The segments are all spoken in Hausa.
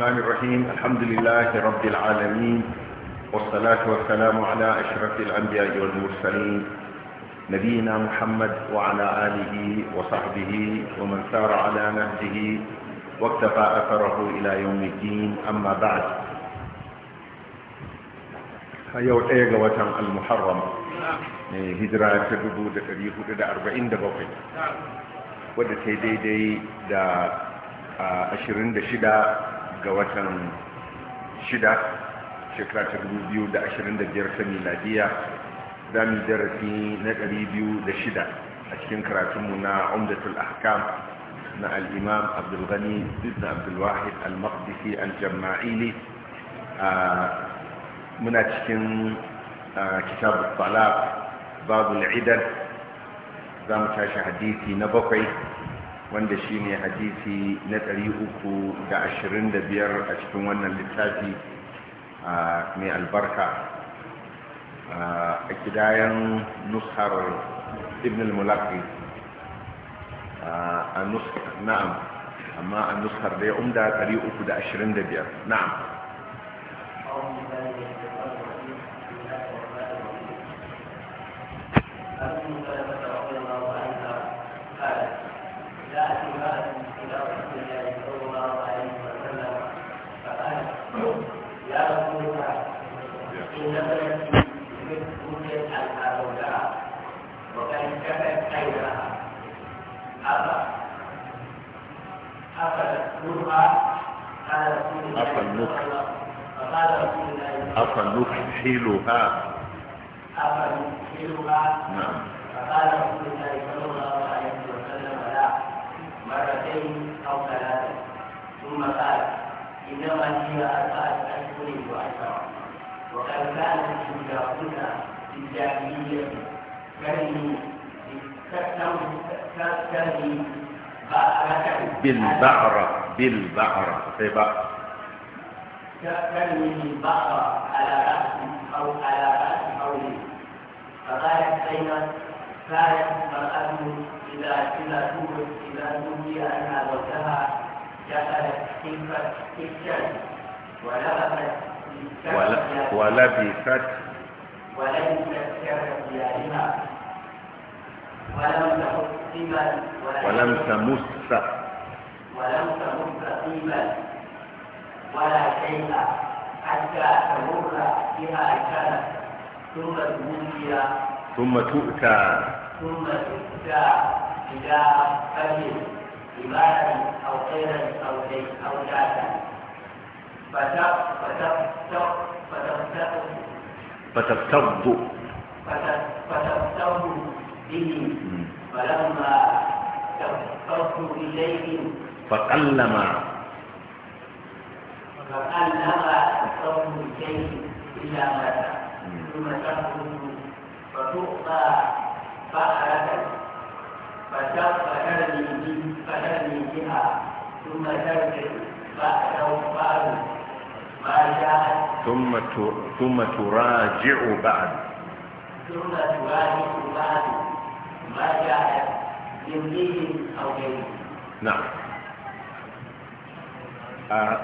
الرحمن الرحيم الحمد لله رب العالمين والصلاة والسلام على أشرف الأنبياء والمرسلين نبينا محمد وعلى آله وصحبه ومن سار على نهجه واكتفى أثره إلى يوم الدين أما بعد yau ɗaya ga watan al-muharram ne hijira ta 447 wadda دا أشرين آه، da 26 ga watan shida shekara ta 2025 ta miladiya za mu darasi na 206 a cikin karatunmu na umdatul ahkam na al'imam abdulghani ibn abdulwahid al-maqdisi al-jama'ili muna cikin kitabu talab babu al'idar za mu tashi hadisi na bakwai wanda shi ne hadisi na 325 a cikin wannan littafi mai albarka a kidayen nushar ibn al-mulaqi na'am amma a nushar da ya umda 325 na'am قال رسول الله أفنكحلها أفنكحلها نعم فقال رسول الله صلى الله عليه وسلم لا مرتين أو ثلاثة ثم قال إنما هي أربعة أشهر وأشهر وقد كانت إحداهن في الجاهلية كرهي بالبعرة بالبعرة في طيب، بعرة كتنوي البقرة على رأس أو على رأس حوله فقالت زينب كانت المرأة إذا إذا توفت إذا توفي عنها زوجها جعلت تلك الشمس ولبست ولبست ولبست كرثيانها ولم تمس طيبا ولم تمس ولم تمس طيبا ولا شيء حتى تمر بها كانت ثم تؤتي ثم تؤتى ثم تؤتى إلى فجر إمارة أو خيرا أو شيء أو ذاتا فتفتض فتفتض به فلما تفتض إليه فقلما فقال لها صوم الشيء إلا مات ثم تخرج فتؤتى بحرة فترمي بها ثم ترجع بعده ما جاءت ثم ثم تراجع بعد ثم تراجع بعد ما جاءت يمليه أو غيره نعم آه،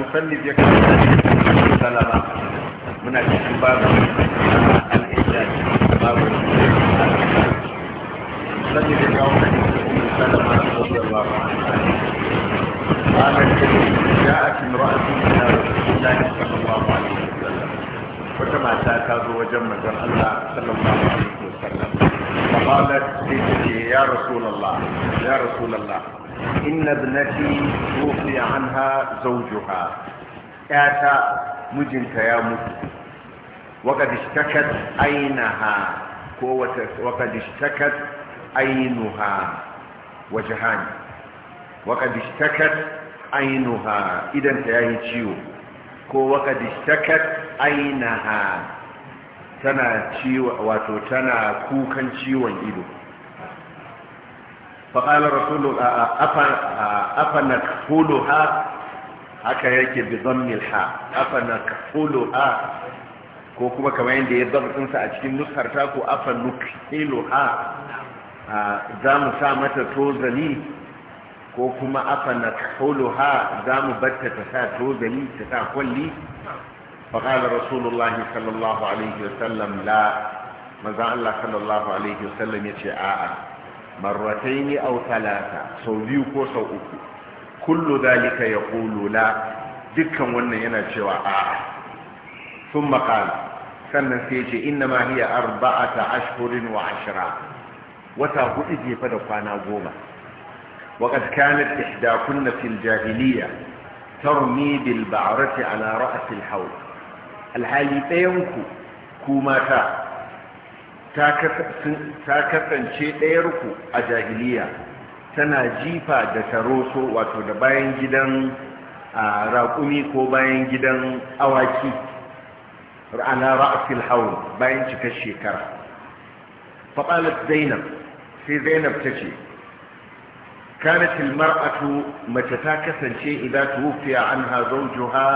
musallif ya kawo salama muna cikin babu al-ihsan babu musallif ya kawo salama sallallahu alaihi wasallam ja'at imra'atun ila rasulillahi sallallahu alaihi wasallam wata mata ta zo wajen manzon Allah sallallahu alaihi wasallam فقالت يا رسول الله يا رسول الله inna ibnati rufi anha zawjuha yata mijinta ya mutu waqad ishtakat aynaha ko waqad ishtakat aynuha wajhan waqad ishtakat aynuha idan ta yayi ciwo ko waqad ishtakat aynaha wato tana kukan ciwon ido فقال رسول أفنكفلها haka yake bi zammil ha afa na kafulu ha ko kuma kamar yadda ya zabtsinsa a cikin nukar ta ko afa nukilu ha za mu sa mata tozali ko kuma afa na kafulu ha za mu batta ta sa tozali ta sa kwalli faƙala rasulullah sallallahu alaihi wasallam la maza Allah sallallahu alaihi wasallam ya ce a'a مرتين أو ثلاثة سوديوك وسوءك كل ذلك يقول لا ذكا وننا شواء آه. ثم قال سنسيجي إنما هي أربعة أشهر وعشرة وتهدئي فدقانا قوما وقد كانت إحدى في الجاهلية ترمي بالبعرة على رأس الحوض الحالي بينكو كوماتا ta kasance ɗayarku a jahiliya tana jifa da taroso wato da bayan gidan raƙumi ko bayan gidan awaki ra'ana ra'asil haul bayan cikar shekara faɓalat zainab sai zainab ta ce kanatil mar'atu mace ta kasance idan a an ha zaujuha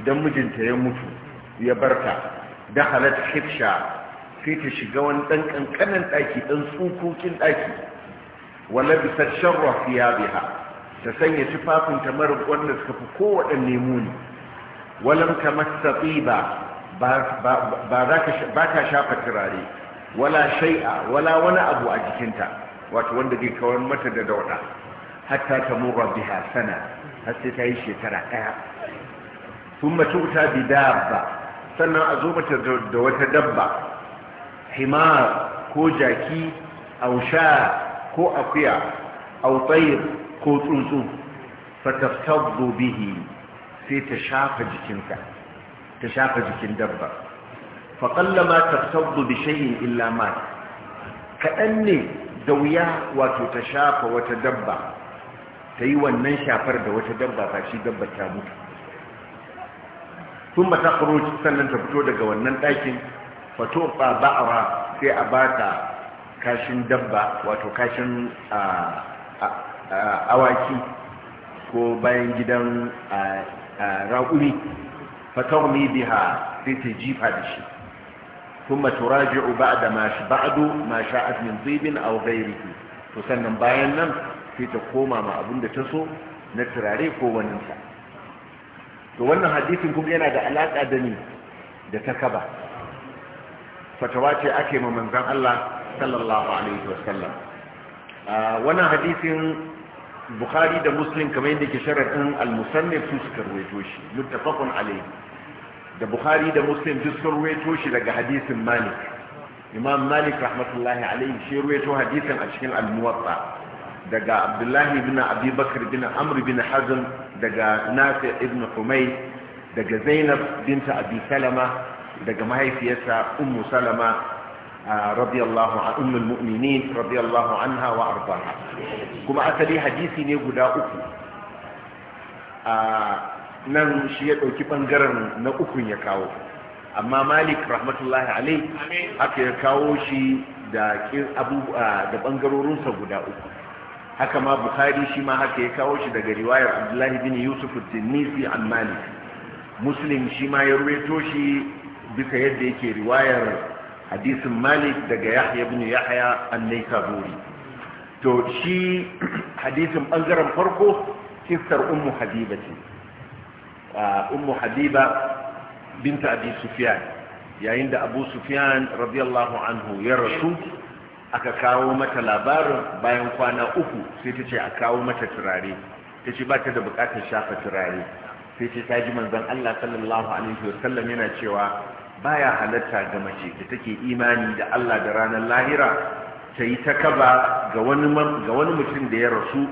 idan mijinta ya mutu ya barta da halat hifsha sai ta shiga wani ɗan ƙanƙanin ɗaki ɗan tsukokin ɗaki wala bisa sharra fiya biha ta sanya tufafin mara wanda suka fi kowaɗanne muni walam ta matsaɓi ba ba ka shafa turare wala shai'a wala wani abu a jikinta wato wanda zai kawar mata da dauɗa hatta ta mura biha sana har sai ta yi shekara ɗaya sun mace wuta bi dabba sannan a zo mata da wata dabba himar ko jaki ausha ko akuya autayir ko tsuntsu fataftaddu bihi sai ta shafa jikinka ta shafa jikin dabba faƙallama taftaddu bi shayin illa ma kaɗan ne da wuya wato ta shafa wata dabba ta yi wannan shafar da wata dabba ba shi dabba ta mutu sun mata sannan ta fito daga wannan ɗakin fatofa ba sai a bata kashin dabba wato kashin awaki ko bayan gidan raƙuri fataumi biya sai ta jifa da shi ثم تراجع بعد ما بعد ما شاءت من طيب او غيره to sannan bayan nan sai ta koma ma abin da ta so na turare ko waninsa to wannan hadisin kuma yana da alaƙa da ni da ta kaba fatawa ce ake ma manzan Allah sallallahu alaihi wasallam wannan hadisin bukhari da muslim kamar yadda ke sharaɗin al-musannif su suka ruwaito shi muttafaqun alaihi da bukhari da muslim duk sun ruwaito shi daga hadisin malik imam malik rahmatullahi alaihi shi ruwaito hadisin a cikin al-muwatta daga abdullahi bin abi bakr bin amr bin hazm daga nafi ibn humay daga zainab binta abi salama daga mahaifiyarsa ummu salama radiyallahu an ummul mu'minin radiyallahu anha wa arbaha kuma asali hadisi ne guda uku nan shi ya dauki bangaren na ukun ya kawo amma malik rahmatullahi alai haka ya kawo shi da da bangarorinsa guda uku haka ma bukhari shi ma haka ya kawo shi daga riwayar abdullahi bin yusuf al-tinnisi an malik muslim shi ma ya ruweto shi bisa yadda yake riwayar hadisin malik daga yahya ibn yahya an to shi hadisin bangaren farko kistar ummu habiba ce ummu habiba binta abi sufyan yayin da abu sufyan radiyallahu anhu ya rasu aka kawo mata labarin bayan kwana uku sai ta ce a kawo mata turare ta ce ba ta da bukatar shafa turare sai ta ji manzan Allah sallallahu alaihi wasallam yana cewa baya halatta ga mace da take imani da Allah da ranar lahira ta yi ta kaba ga wani mutum da ya rasu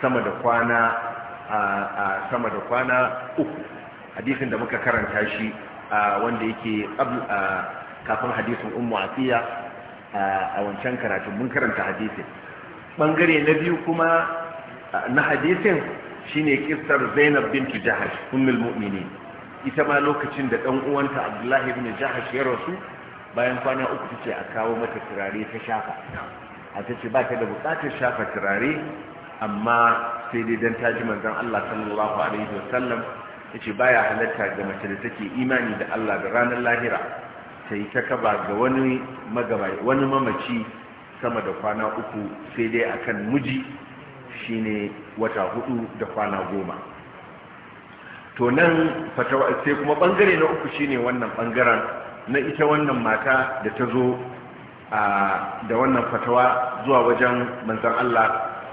sama da kwana a sama da kwana uku hadisin da muka karanta shi wanda yake kafin hadisin ummu afiya a wancan karatun mun karanta hadisin bangare na biyu kuma na hadisin shine kissar Zainab bint Jahash ummul mu'minin ita ma lokacin da ɗan uwanta abdullahi ibn jahash ya rasu bayan kwana uku ta ce a kawo mata turare ta shafa a ta ce ba ta da buƙatar shafa turare amma sai dai don taji manzan Allah sallallahu alaihi wasallam ya ce ba ya halatta ga mace da take imani da Allah da ranar lahira ta yi ta kaba ga wani wani mamaci sama da kwana uku sai dai akan miji shine wata hudu da kwana goma to nan fatawa sai kuma bangare na uku shine wannan bangaren na ita wannan mata da ta zo da wannan fatawa zuwa wajen manzon Allah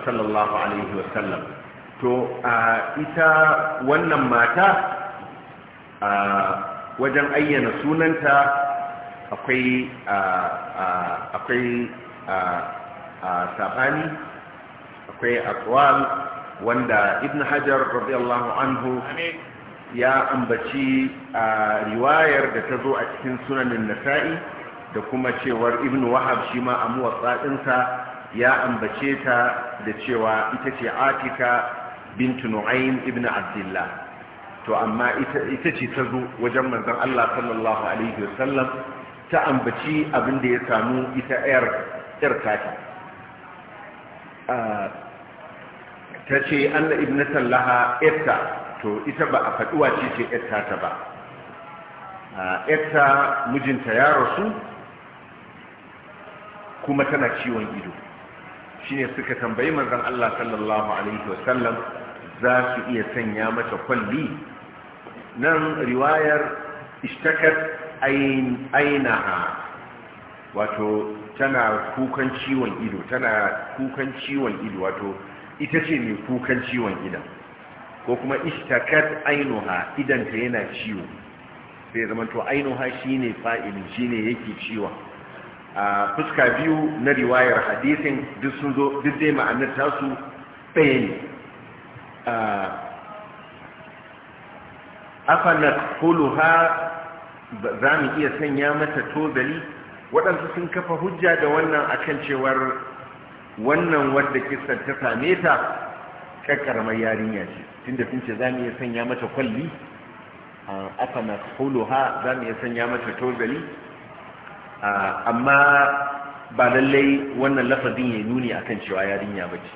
sallallahu alaihi wasallam to ita wannan mata wajen ayyana sunanta akwai akwai sabani akwai akwal wanda ibn hajar radiyallahu anhu ya ambaci a riwayar da ta zo a cikin sunanin nasa'i da kuma cewar ibn wahab shi ma a muwatsaɗinsa ya ambace ta da cewa ita ce atika bintu nu'aym ibn abdullah to amma ita ce ta zo wajen manzon Allah sallallahu alaihi wasallam ta ambaci abin da ya samu ita yar yar ta ce anna ibn Sallaha, etta to ita ba a faduwa ce ce etta ta ba etta mijinta ya rasu kuma tana ciwon ido shine suka tambayi manzon Allah sallallahu alaihi wasallam za su iya sanya mata kwalli nan riwayar ishtakat ainaha wato tana kukan ciwon ido tana kukan ciwon ido wato ita ce mai kukan ciwon idan ko kuma ishtakat ainuha idan ta yana ciwo sai zama to ainuha shine fa'ilin shine yake ciwon a fuska biyu na riwayar hadisin duk sun zo duk dai ma'anar tasu ɗaya ne afanar kuluha za mu iya sanya mata tozali waɗansu sun kafa hujja da wannan akan cewar wannan wadda kisar ta same ta ƙaƙƙaramar yarinya ce tunda sun ce za mu iya sanya mata kwalli a aka na ha, za mu iya sanya mata tozali amma ba lallai wannan lafazin ya nuni akan cewa yarinya ba ce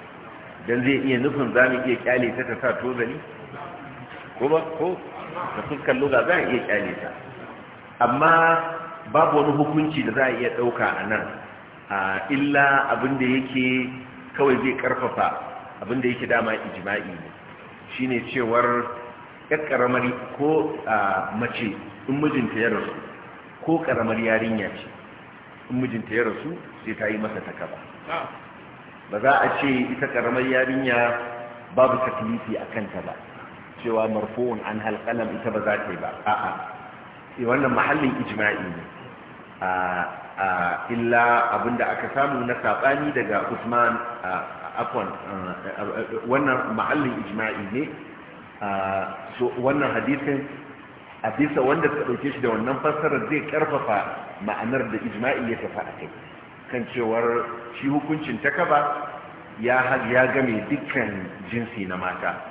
don zai iya nufin za mu iya kyale ta ta sa tozali ko ba ko da fuskar loga za a iya kyale ta amma babu wani hukunci da za a iya ɗauka a nan illa abin da yake kawai zai karfafa abin da yake dama ijma'i ne shi ne cewar yar karamar ko mace in mijinta ya rasu ko ƙaramar yarinya ce in mijinta ya rasu sai ta yi masa takaba ba za a ce ita karamar yarinya babu taklifi a kanta ba cewa marfoun an halƙalam ita ba za ta yi ba a'a eh, wannan mahallin ijma'i ne illa abinda aka samu na saɓani daga usman afwan wannan ma'allin ijma'i ne wannan hadisin a bisa wanda ta ɗauke shi da wannan fassarar zai ƙarfafa ma'anar da ijma'i ya tafi a kai kan cewar shi hukuncin takaba ya ya game dukkan jinsi na mata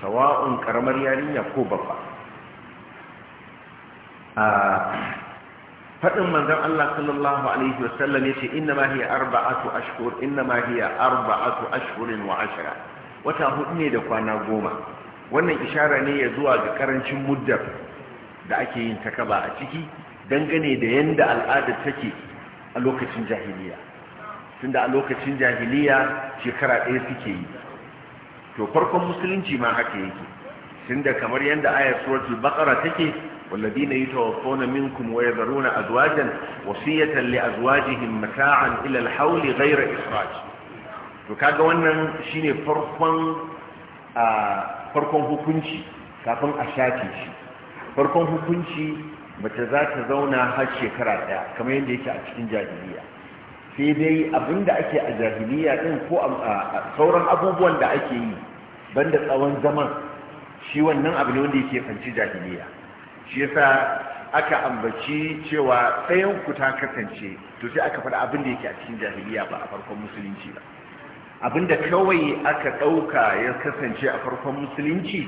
sawa'un ƙaramar yarinya ko babba faɗin manzon Allah sallallahu alaihi wasallam yace inna ma hiya arba'atu ashhur inna ma hiya arba'atu ashhurin wa ashra wata hudu ne da kwana goma wannan ishara ne ya zuwa ga karancin muddar da ake yin takaba a ciki dangane da yanda al'adar take a lokacin jahiliya tunda a lokacin jahiliya shekara ɗaya suke yi to farkon musulunci ma haka yake tunda kamar yanda ayar suratul baqara take والذين يتوفون منكم ويذرون أزواجا وصية لأزواجهم متاعا إلى الحول غير إخراج وكاد وانا شيني hukunci kafin هكونشي shafi أشاكيشي Farkon هكونشي mace za ta zauna har shekara ɗaya, kamar yadda yake a cikin jahiliya sai dai abinda ake a jahiliya din ko a sauran abubuwan da ake yi banda tsawon zaman shi wannan abu ne wanda yake fanci jahiliya shi yasa aka ambaci cewa ɗayan ku ta kasance to sai aka faɗa abin da yake a cikin jahiliya ba a farkon musulunci ba abin da kawai aka ɗauka ya kasance a farkon musulunci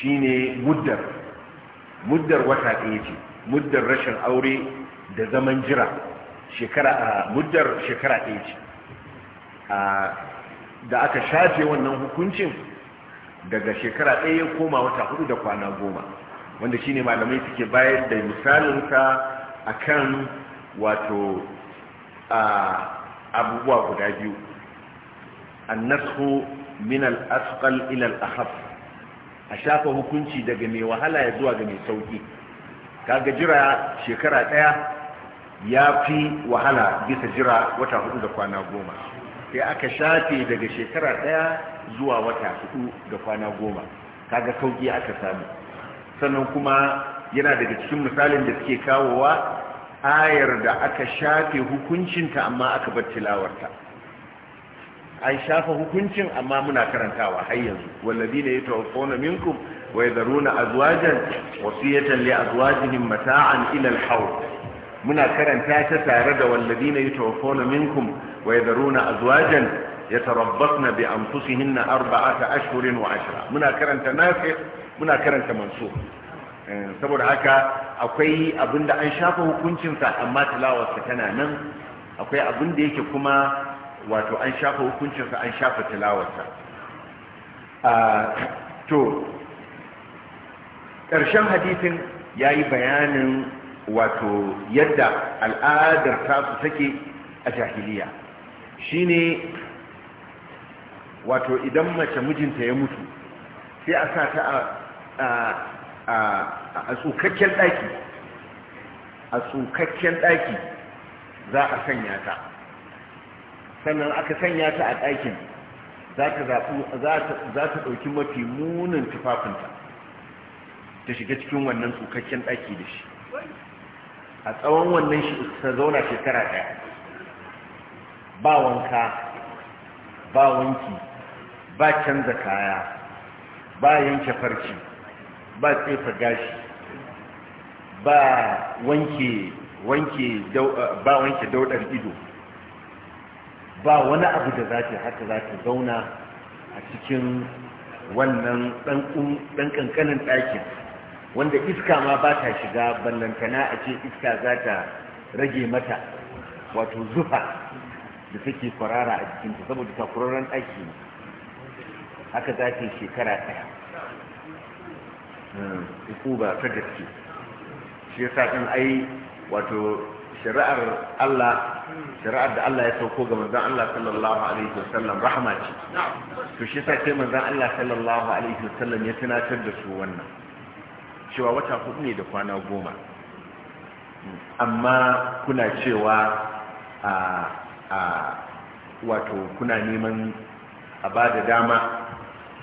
shine muddar muddar wata ɗaya ce muddar rashin aure da zaman jira shekara muddar shekara ɗaya ce da aka shafe wannan hukuncin daga shekara ɗaya ya koma wata hudu da kwana goma wanda shi ne malamai suke bayar da misalinsa a kan wato abubuwa guda biyu annashu min al ilal ila al a shafa hukunci daga mai wahala ya zuwa ga mai sauki kaga jira shekara daya ya fi wahala bisa jira wata hudu da kwana goma sai aka shafe daga shekara ɗaya zuwa wata hudu da kwana goma kaga sauki aka samu sannan kuma yana daga cikin misalin da suke kawowa ayar da aka shafe hukuncinta amma aka bar tilawarta an shafa hukuncin amma muna karantawa har yanzu wallazi ne ya tawaffona minkum wa yadharuna azwajan wasiyatan li azwajihim mata'an ila al-hawl muna karanta ta tare da wallazi ne ya tawaffona minkum wa yadharuna azwajan yatarabbasna bi anfusihinna arba'ata ashhurin wa ashra muna karanta nafi muna karanta manso eh, saboda haka akwai abin da an shafa hukuncinsa amma tilawarsa tana nan akwai abin da yake kuma wato an shafa hukuncinsa an shafa tilawarsa ah, to ƙarshen hadisin ya yi bayanin wato yadda al'adar tasu take a jahiliya shine wato idan mace mijinta ya mutu sai a sa ta a. a tsukakken ɗaki a tsukakken ɗaki za a sanya ta sannan aka sanya ta a ɗakin za ta ɗauki mafi munin tufafinta ta shiga cikin wannan tsukakken ɗaki da shi a tsawon wannan shi ta zauna shekara ɗaya ba wanka ba wanki ba canza kaya ba yanke farci ba tsefa gashi ba wanke wanke eh, ba wanke daudar ido ba wani abu da za ta haka za ta zauna a cikin wannan ɗan ƙanƙanin ɗakin wanda iska ma ba ta shiga ballantana a ce iska za ta rage mata wato zufa da take kwarara a jikinta saboda takuraren ɗaki haka za ta yi shekara ɗaya hukuba ta gaske shi ya sa ɗin ai wato shari'ar Allah shari'ar da Allah ya sauko ga manzon Allah sallallahu alaihi wasallam rahama ce to shi sa sai manzon Allah sallallahu alaihi wasallam ya tunatar da su wannan cewa wata hudu ne da kwana goma amma kuna cewa a a wato kuna neman a ba da dama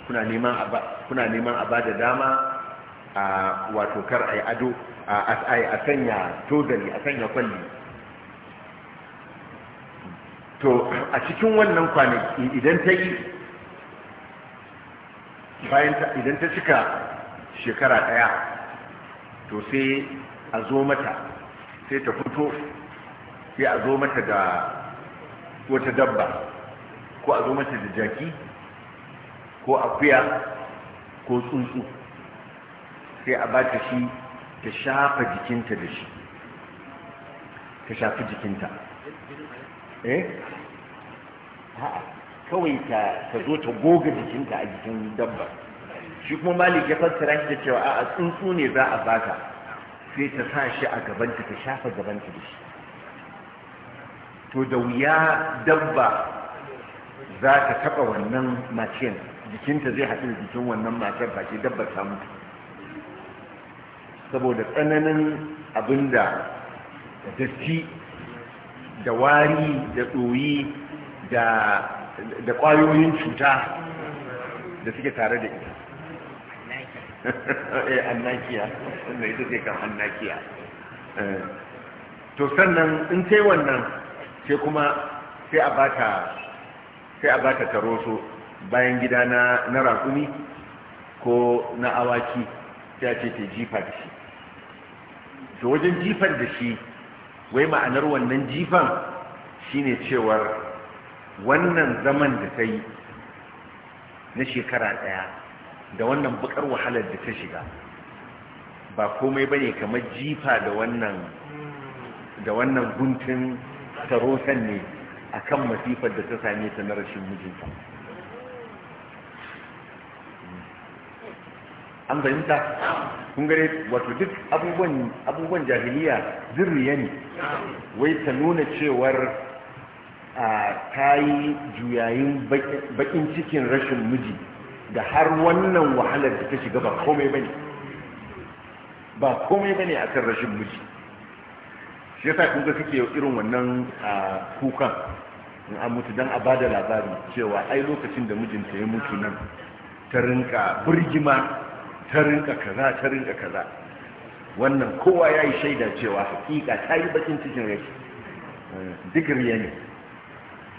kuna neman a ba da dama a wato kar a yi ado a sanya tozali a sanya kwalli to a cikin wannan kwanaki idan ta yi bayan idan ta cika shekara daya to sai a zo mata sai ta fito sai a zo mata da wata dabba ko a zo mata da jaki ko akuya ko tsuntsu sai a ba ta shi ta shafa jikinta da shi ta shafi jikinta eh kawai ta zo ta goga jikinta a jikin dabba shi kuma malik ya fassara shi da cewa a tsuntsu ne za a bata sai ta sa shi a gabanta ta shafa gabanta da shi to da wuya dabba za ta taɓa wannan maciyar jikinta zai haɗu da jikin wannan maciyar ba ce dabba ta mutu saboda tsananin abin da datti da wari da tsoyi da kwayoyin cuta da suke tare da ita eh annakiya wanda ita ce kan annakiya eh, to sannan in sai wannan sai kuma sai a bata ta a bata bayan gida na na ko na awaki sai ce ta jifa da shi to wajen jifan da shi wai ma'anar wannan jifan shine cewar wannan zaman da ta yi na shekara ɗaya da wannan bakar wahalar da ta shiga ba komai ba ne kamar jifa da wannan da wannan guntun tarosan ne akan masifar da ta same ta na rashin mijinta an fahimta kun gare wato duk abubuwan abubuwan jahiliya zirriya ne wai ta nuna cewar a ta yi juyayin bakin cikin rashin miji da har wannan wahalar da ta shiga ba komai ne ba komai a akan rashin miji shi yasa kun ga kake irin wannan kukan in an mutu don a ba da labari cewa ai lokacin da mijinta ya mutu nan ta rinka birgima ta kaza ta rinka kaza wannan kowa ya yi shaida cewa hakika ta yi bakin cikin rai duk riya ne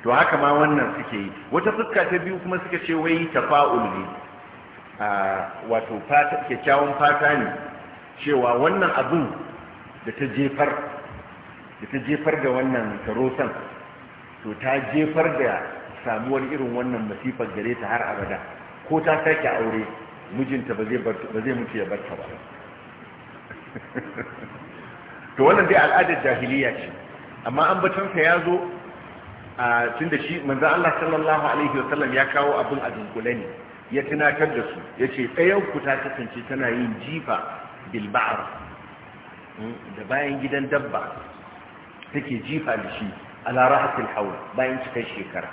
to haka ma wannan suke yi wata fuska ta biyu kuma suka ce wai ta fa'ul ne wato kyakkyawan fata ne cewa wannan abin da ta jefar da ta jefar da wannan tarosan to ta jefar da samuwar irin wannan masifar gare ta har abada ko ta sake aure mijinta ba zai mutu ya barta ba to wannan dai al'adar jahiliya ce amma an batansa ya zo a da shi manzo Allah sallallahu alaihi wasallam ya kawo abin a dunkule ne ya tunatar da su Ya ce ku ta kasance tana yin jifa bilba'ar. Hmm, da bayan gidan dabba take jifa da shi ala rahatil hawa bayan cikar shekara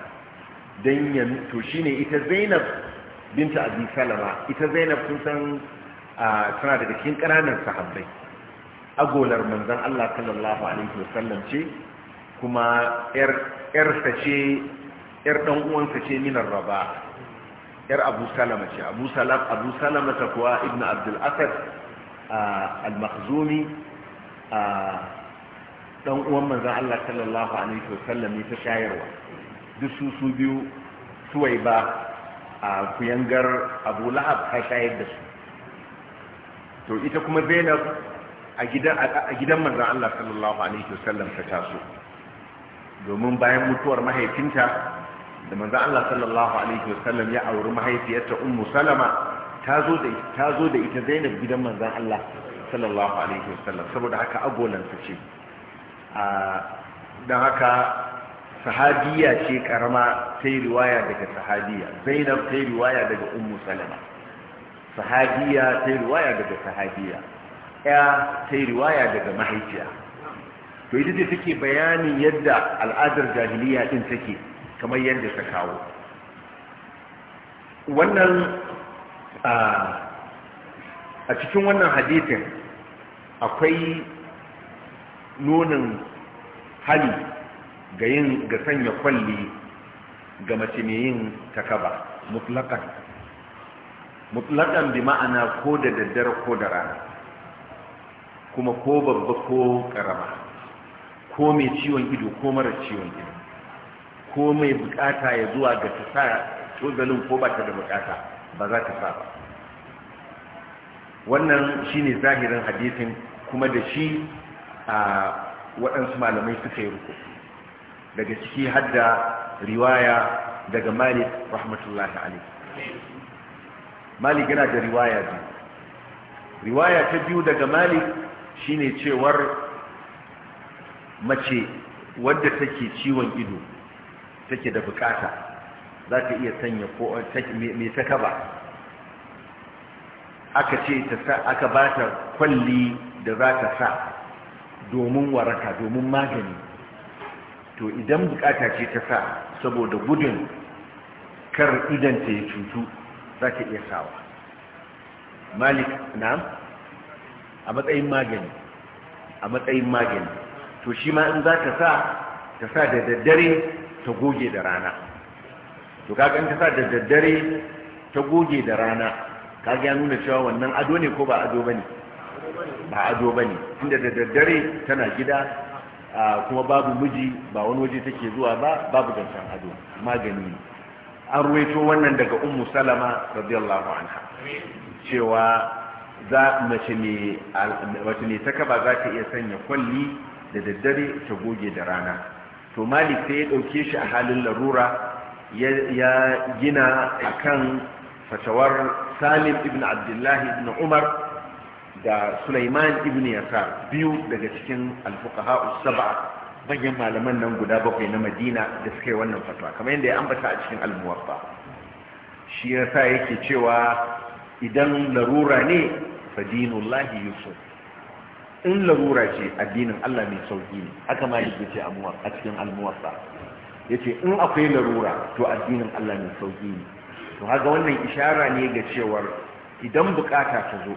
dan ya to shine ita Zainab binta abi salama ita zainab sun san tana daga cikin ƙananan sahabbai agolar manzon Allah sallallahu alaihi wasallam ce kuma yar yarsa ce yar dan uwansa ce minar raba yar abu salama ce abu salam abu salama ta kuwa ibnu abdul asad al-makhzumi dan uwan manzon Allah sallallahu alaihi wasallam ne ta shayarwa duk su su biyu suwaiba a kuyangar abu la'ab ka shayar da su to ita kuma zainab a gidan manzan Allah sallallahu alaihi wasallam ta taso domin bayan mutuwar mahaifinta da manzan Allah sallallahu alaihi wasallam ya auri mahaifiyarta ummu salama ta zo da ita zainab gidan manzan Allah sallallahu alaihi wasallam saboda haka agolanta ce don haka sahabiya ce karama sai riwaya daga sahabiya zainab sai riwaya daga ummu salama sahabiya sai riwaya daga sahabiya ya sai riwaya daga mahaifiya to ita ce take bayanin yadda al'adar jahiliya din take kamar yadda ta kawo wannan a cikin wannan hadithin akwai nonon hali ga yin ga sanya kwalli ga mace mai yin takaba mutlakan mutlakan bi ma'ana ko da daddare ko da rana kuma ko babba ko karama ko mai ciwon ido ko mara ciwon ido ko mai bukata ya zuwa ga ta sa tsogalin ko ba ta da bukata ba za ta sa ba wannan shine zahirin hadisin kuma da shi a waɗansu malamai suka yi rukuku daga ciki hadda riwaya daga malik rahmatullahi alaihi malik yana da riwaya biyu riwaya ta biyu daga malik shine cewar mace wadda take ciwon ido take da bukata za ta iya sanya ko me ta kaba aka ce ta aka ba ta kwalli da za ta sa domin waraka domin magani to idan bukata ce ta sa saboda gudun kar idanta ya cutu za ta iya sawa malik na a matsayin magani a matsayin magani to shi ma in za ta sa ta sa da daddare ta goge da rana to kaga in ta sa da daddare ta goge da rana kaga ya nuna cewa wannan ado ne ko ba ado bane ba ado bane inda da daddare tana gida kuma babu miji ba wani waje take zuwa ba babu dantan ado magani an ruwaito wannan daga ummu salama radiyallahu anha cewa za mace ne wace ne ta kaba za ta iya sanya kwalli da daddare ta goge da rana to malik sai ya dauke shi a halin larura ya gina akan fatawar salim ibn abdullahi ibn umar da Sulaiman ibn Yasar biyu daga cikin al-fuqaha sab'a manyan malaman nan guda bakwai na Madina da suka yi wannan fatwa kamar yadda ya ambata a cikin al-Muwatta shi yasa yake cewa idan larura ne dinullahi yusuf in larura ce addinin Allah mai sauki ne haka yi ce a cikin al-Muwatta yace in akwai larura to addinin Allah mai sauki ne to haka wannan ishara ne ga cewar idan bukata ta zo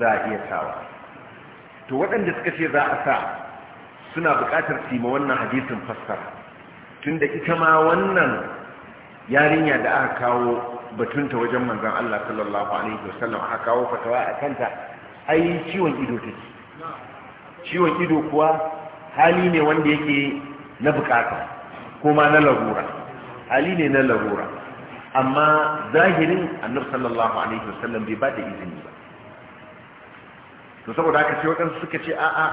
za a iya sawa to waɗanda suka ce za a sa suna buƙatar cima wannan hadisin fassara tunda ita ma wannan yarinya da aka kawo batunta wajen manzan Allah sallallahu alaihi wasallam aka kawo fatawa a kanta ai ciwon ido take ciwon ido kuwa hali ne wanda yake na bukata kuma na larura hali ne na larura amma zahirin annabi sallallahu alaihi wasallam bai ba da izini ba to saboda haka sai waɗansu suka ce a'a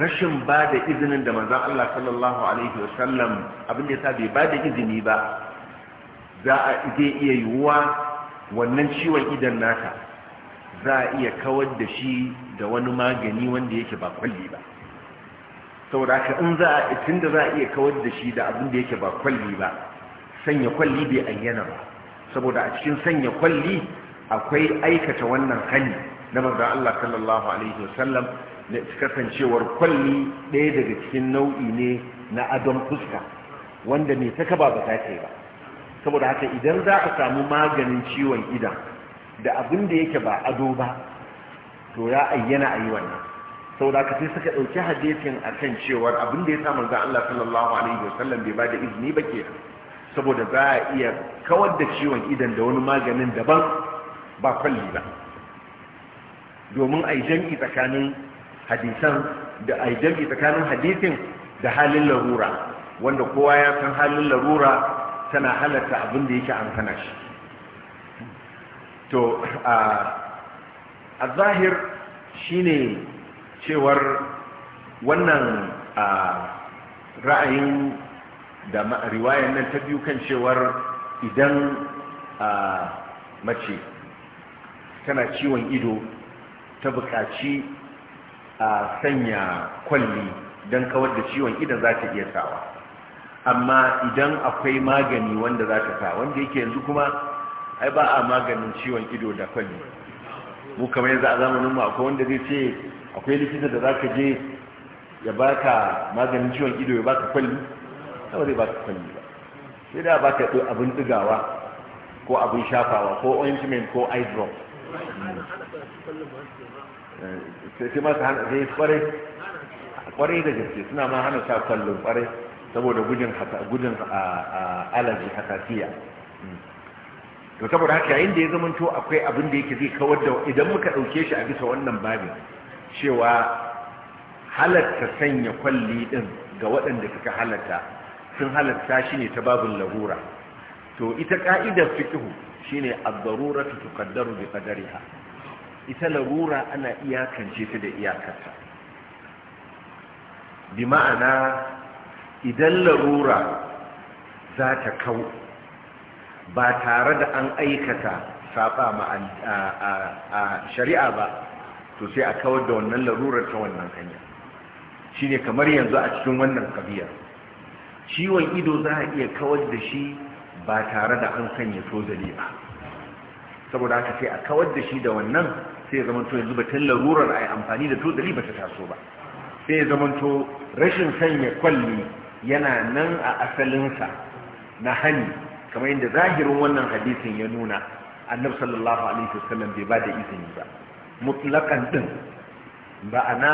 rashin ba da izinin da manzan Allah sallallahu Alaihi wasallam abin da ya sa bai ba da izini ba za a zai iya yiwuwa wannan ciwon idan naka za a iya kawar da shi da wani magani wanda yake ba kwalli ba saboda ka in za a itin da za a iya kawar da shi da abin da yake ba kwalli ba sanya kwalli bai ayyana ba saboda a cikin sanya kwalli akwai aikata wannan hanyar na manzan Allah sallallahu alaihi wasallam na kasancewar kwalli ɗaya daga cikin nau'i ne na adon fuska wanda mai saka ba ta yi ba saboda haka idan za a samu maganin ciwon idan da abin da yake ba ado ba to ya ayyana a yi wannan saboda haka sai suka ɗauki hadisin kan cewar abin da ya sa manzan Allah sallallahu alaihi wasallam bai ba da izini ba ke saboda za a iya kawar da ciwon idan da wani maganin daban ba kwalli ba domin a yi jam'i tsakanin hadisan da a yi janki tsakanin hadisin da halin larura wanda kowa ya san halin larura tana halarta abin da yake an sana shi to a zahir shi ne cewar wannan ra'ayin da riwayar nan ta biyu kan cewar idan mace tana ciwon ido ta buƙaci a sanya kwalli don kawar da ciwon idan za ta iya sawa amma idan akwai magani wanda za ta sa wanda yake yanzu kuma ai ba a maganin ciwon ido da kwalli mu kamar yanzu a zamanin mu akwai wanda zai ce akwai likita da za ka je ya ba ka maganin ciwon ido ya ka kwalli kawai zai ba ka kwalli ba sai da ka abin ɗigawa ko abin shafawa ko ointment ko eye drop sai ma su hana sai kwarai kwarai da gaske suna ma hana sa kwallon kwarai saboda gudun gudun alaji hasasiya to saboda haka yayin da ya zama to akwai abin da yake zai kawar da idan muka dauke shi a bisa wannan babin cewa halatta sanya kwalli din ga waɗanda suka halatta sun halatta shi ne ta babin lahura to ita ka'idar fikihu shine ad-daruratu tuqaddaru bi qadariha ita larura ana iyakance ta da iyakarta bi ma'ana idan larura za ta kau ba tare da an aikata saba ma a shari'a ba to sai a kawar da wannan larurar ta wannan hanya shi ne kamar yanzu a cikin wannan kabiyar ciwon ido za a iya kawar da shi ba tare da an sanya tozali ba saboda haka sai a kawar da shi da wannan sai ya zamanto yanzu batun larurar a yi amfani da tozali ba ta taso ba sai ya zamanto rashin sanya kwalli yana nan a asalinsa na hani kamar yadda zahirin wannan hadisin ya nuna annabi sallallahu alaihi wasallam bai ba da izini ba mutlakan ɗin ba na,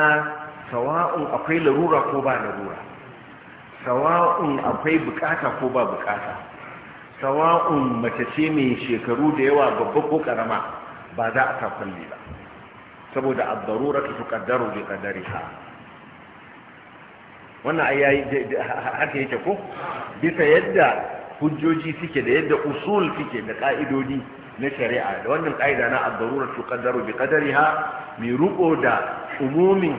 sawa'un akwai larura ko ba larura sawa'un akwai bukata ko ba bukata sawa'un mace ce mai shekaru da yawa babba ko karama ba za a ta kwalli ba saboda ad-darura tuqaddaru bi qadariha wannan ayayi haka yake ko bisa yadda hujjoji suke da yadda usul suke da ka'idodi na shari'a da wannan ka'ida na ad-darura tuqaddaru bi qadariha mai ruko da umumin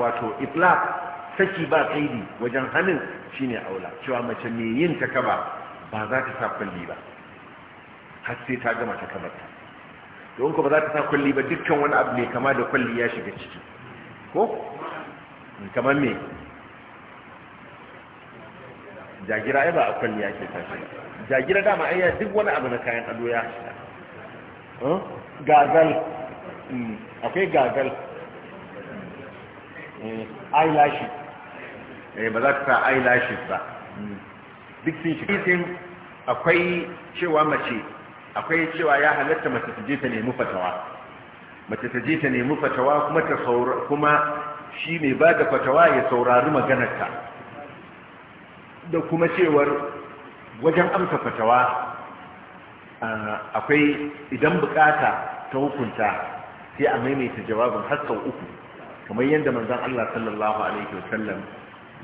wato iflaq saki ba kaidi wajen hanin shine aula cewa mace mai yin takaba ba za ta sa kulli ba har sai ta gama takabarta don ku ba za ka sa kwalli ba dukkan wani abu ne kama da kwalli ya shiga ciki ko kamar me jagira ai ba a kwalli ya ke tashi jagira dama ai ya duk wani abu na kayan ado ya shiga hmm? gagal hmm. akwai gagal hmm. eyelashes eh, ba za ka sa eyelashes ba duk sun shiga akwai cewa mace akwai cewa ya halatta mace ta je ta nemi fatawa mace ta je ta nemi fatawa kuma ta saura kuma shi mai ba da fatawa ya saurari maganarta da kuma cewar wajen amsa fatawa akwai idan bukata ta hukunta sai a maimaita jawabin har sau uku kamar yadda manzon Allah sallallahu alaihi wasallam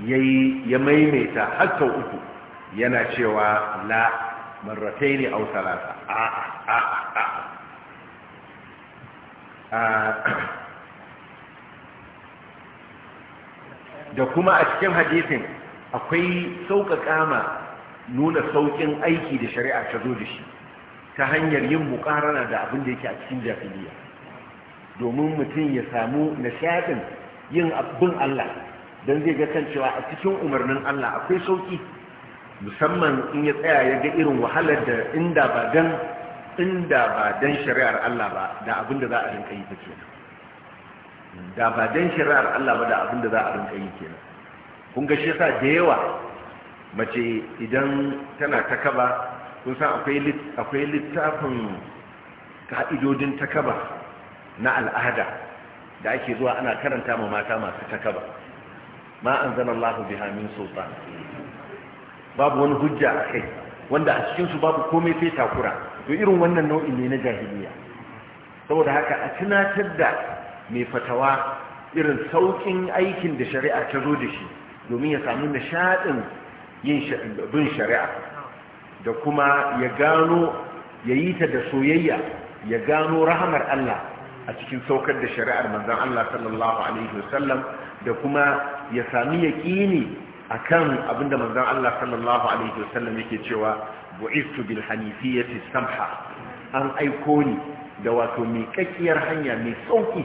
yayi ya maimaita har sau uku yana cewa la marrataini ne thalatha a a a da kuma a cikin hadisin akwai sauƙaƙama nuna sauƙin aiki da shari'a ta zo da shi ta hanyar yin muƙarana da abin da yake a cikin jahiliya domin mutum ya samu nishadin yin abin Allah don zai ga kan cewa a cikin umarnin Allah akwai sauƙi musamman in ya tsaya ya ga irin wahalar da inda ba dan inda ba dan shari'ar Allah ba da abin da za a rinka yi take da ba dan shari'ar Allah ba da abin da za a rinka yi kenan kun ga shi yasa da yawa mace idan tana ta kaba kun san akwai akwai littafin ka'idodin ta kaba na al'ada da ake zuwa ana karanta ma mata masu ta kaba ma anzalallahu biha min sultan babu wani hujja a kai wanda a cikinsu babu komai sai takura to irin wannan nau'i ne na jahiliya saboda haka a tunatar da mai fatawa irin sauƙin aikin da shari'a ta zo da shi domin ya samu nishaɗin yin bin shari'a da kuma ya gano ya yi ta da soyayya ya gano rahamar Allah a cikin saukar da shari'ar manzon Allah sallallahu alaihi wasallam da kuma ya sami yaƙini akan abinda manzon Allah sallallahu alaihi wasallam yake cewa bu'istu bil hanifiyyati samha an aiko ni da wato mai kakkiyar hanya mai sauki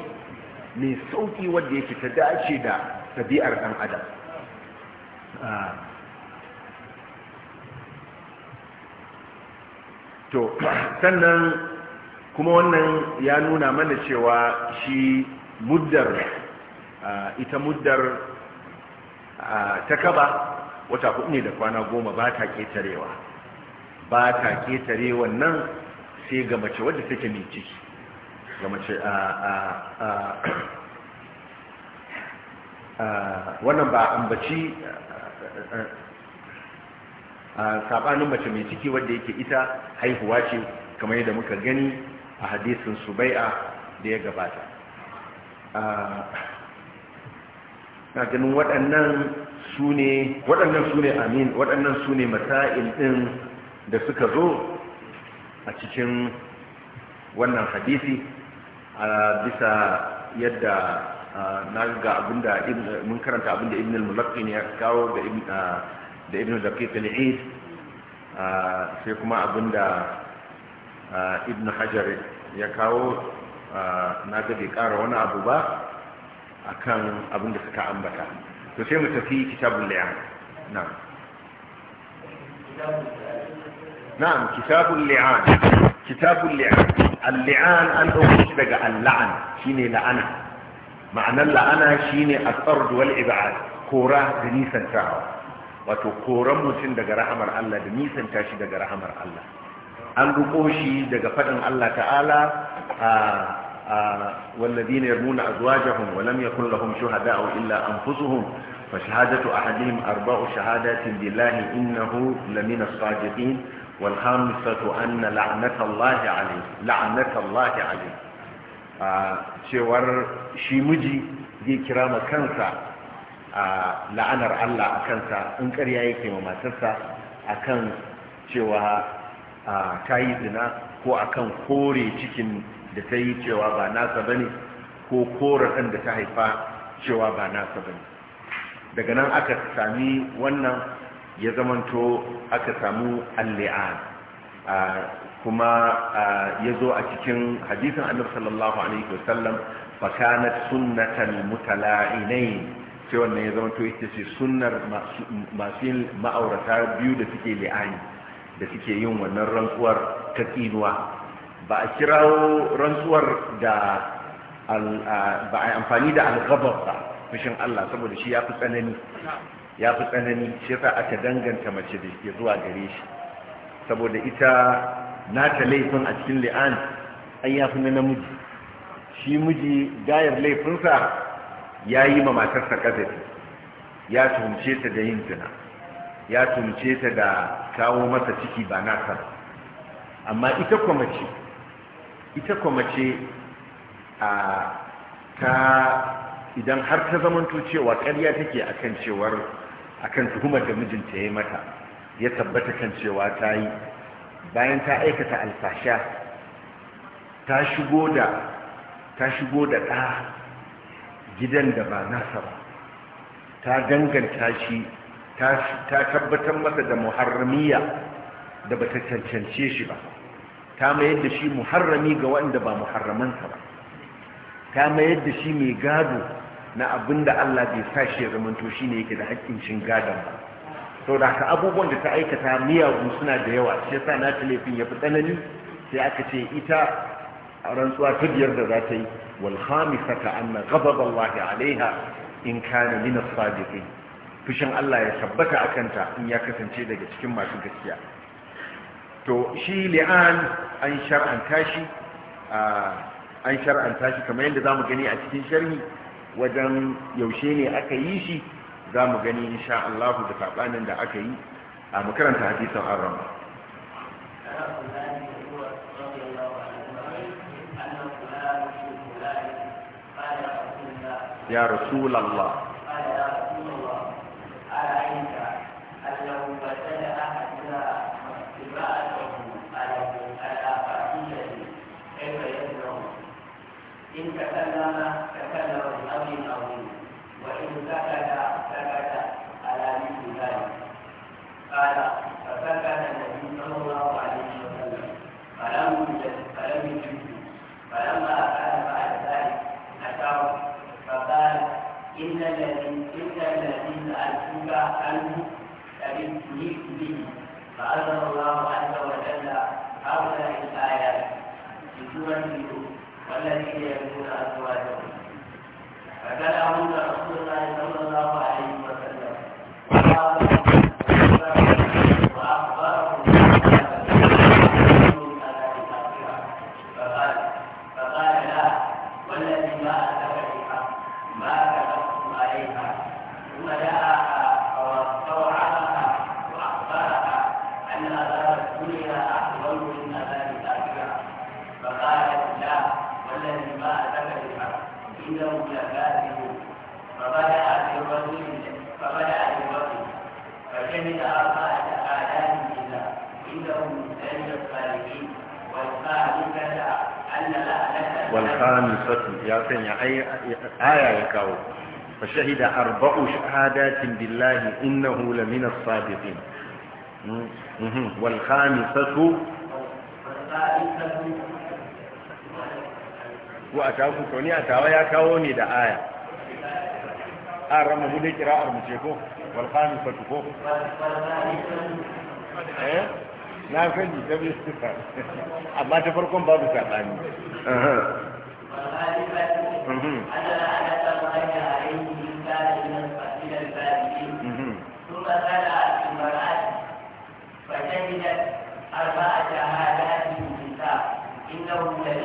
mai sauki wanda yake ta dace da tabi'ar dan adam ah. to sannan kuma wannan ya nuna mana cewa shi muddar ah, ita muddar ta kaba wata hudu ne da kwana goma ba ta ketarewa ba ta ketarewa nan sai ga mace wadda take mai ciki ga mace a wannan ba ambaci a sabanin mace mai ciki wadda yake ita haihuwa ce kamar yadda muka gani a hadisin subai'a da ya gabata na ganin waɗannan su ne waɗannan su ne amin waɗannan su ne mata'il ɗin da suka zo a cikin wannan hadisi a bisa yadda na ga abinda mun karanta abinda ibn al ne ya kawo da ibn da ibn daqiq al-eid sai kuma abinda ibn hajar ya kawo na ga bai kara wani abu ba akan abin da suka ambata to sai mu tafi kitabul li'an na'am na'am kitabul li'an kitabul li'an al-li'an an dauko shi daga al-la'an shine la'ana Ma'anan la'ana shine at-tard wal ib'ad kora da nisantawa wato koran mutum daga rahamar Allah da nisanta shi daga rahamar Allah an ruko shi daga faɗin Allah ta'ala a والذين يرمون أزواجهم ولم يكن لهم شهداء إلا أنفسهم فشهادة أحدهم أربع شهادات بالله إنه لمن الصادقين والخامسة أن لعنة الله عليه لعنة الله عليه cewar shi miji zai kira ma kansa a la'anar Allah a kansa in ƙarya yake ma matarsa akan cewa ta yi zina ko akan kore cikin da ta yi cewa ba nasa ba ne ko kora ɗan da ta haifa cewa ba nasa ba ne daga nan aka sami wannan ya zamanto aka samu alli'an kuma ya zo a cikin hadisin annabi sallallahu alaihi wasallam fakanat sunnatan mutala'inai sai wannan ya zamanto ita ce sunnar masu ma'aurata biyu da suke li'ani da suke yin wannan rantsuwar ta tsinuwa ba a kirawo rantsuwar da ba a amfani da algabar ba fushin Allah saboda shi ya fi tsanani ya fi tsanani shi yasa aka danganta mace da ke zuwa gare shi saboda ita na ta laifin a cikin li'an an ya fi na namiji shi miji gayar laifinsa ya yi ma matarsa kazafi ya tumce ta da yin zina ya tumce ta da kawo masa ciki ba nasa amma ita kuma ce. ita kuma ce a ta idan har ta zamanto cewa ƙarya take akan cewar akan tuhumar da mijinta ya mata ya tabbata kan cewa ta yi bayan ta aikata alfasha ta shigo da ta shigo da ɗa gidan da ba nasa ba ta danganta shi ta tabbatar masa da muharramiya da bata cancance shi ba ta mayar da shi muharrami ga wanda ba muharramansa ba ta mayar da shi mai gado na abin da Allah bai sa shi ya zamanto shi ne yake da haƙƙin cin gadon ba sau da abubuwan da ta aikata miyagu suna da yawa shi yasa na laifin ya fi tsanani sai aka ce ita a rantsuwa ta biyar da za ta yi wal khamisata anna ghadab Allah alaiha in kana min as-sadiqin fushin Allah ya tabbata akanta in ya kasance daga cikin masu gaskiya to shi li'an an shar'anta shi an shar'anta shi kamar yadda zamu gani a cikin sharhi wajen yaushe ne aka yi shi zamu gani insha Allah da sabanin da aka yi a makaranta hadisan arram ya rasulallah uh, شهد أربع شهادات بالله إنه لمن الصادقين والخامسة وأتاكم كوني أتاوى يا كوني دا آية أرمى آه، هنا قراءة المشيكو والخامسة كو na sani ta bi suka amma ta farkon babu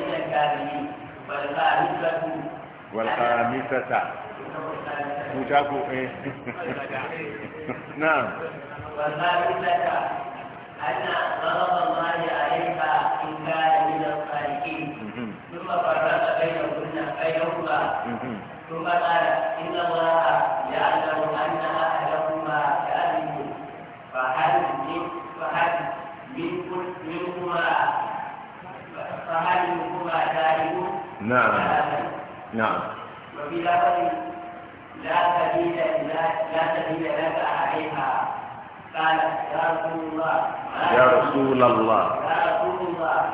من الكاذبين والخامسة والخامسة مجاكو ايه نعم والخامسة أن غضب الله عليك إن كان من الصالحين ثم فرق بينهن بينهما ثم قال إن الله يعلم أن أحدهما كاذب فهل فهل هما تائبون نعم نعم وفي لفظ لا سبيل لا لا سبيل لك عليها قال يا رسول الله يا رسول الله يا رسول الله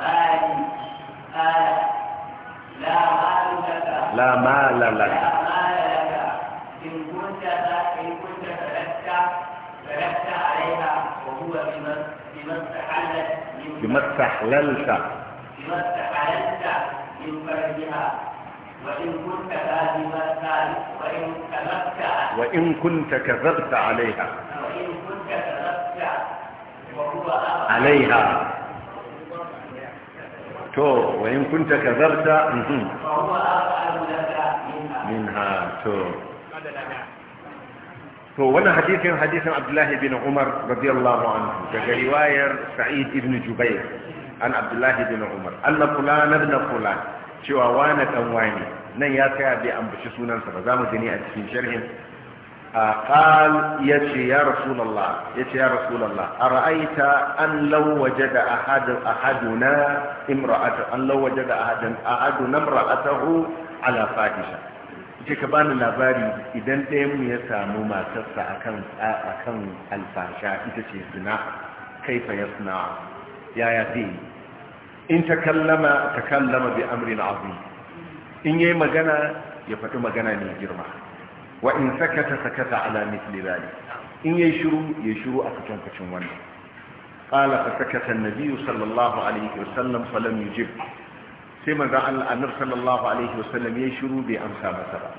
مالي قال لا مال لك لا مال لك لا مال لك إن كنت إن كنت سلكت سلكت عليها وهو بما استحللت بما استحللت من وإن كنت كاذبا وإن كذبت وإن كنت كذبت عليها وإن كنت كذبت وهو عليها تو وإن كنت كذبت فهو أفعل لك منها منها تو وانا حديث حديث عبد الله بن عمر رضي الله عنه كرواية سعيد بن جبير an abdullahi bin umar anna fulan ibn fulan cewa wani dan wani nan ya tsaya bai ambaci sunansa ba za mu gani a cikin sharhin A يتي يا رسول ya يتي يا رسول الله أرأيت أن لو وجد أحد أحدنا امرأته أن لو ce ka bani labari idan ɗayan mu ya samu matarsa akan akan alfasha ita ce zina kaifa yasna yaya zai in ta kallama ta kallama bi amrin azim in yayi magana ya faɗi magana mai girma wa in sakata sakata ala mithli dhalik in yayi shiru yayi shiru a cikin kacin wannan qala fa sakata an-nabi sallallahu alaihi wasallam falam yujib sai manzo Allah annabi sallallahu alaihi wasallam yayi shiru bai amsa masa ba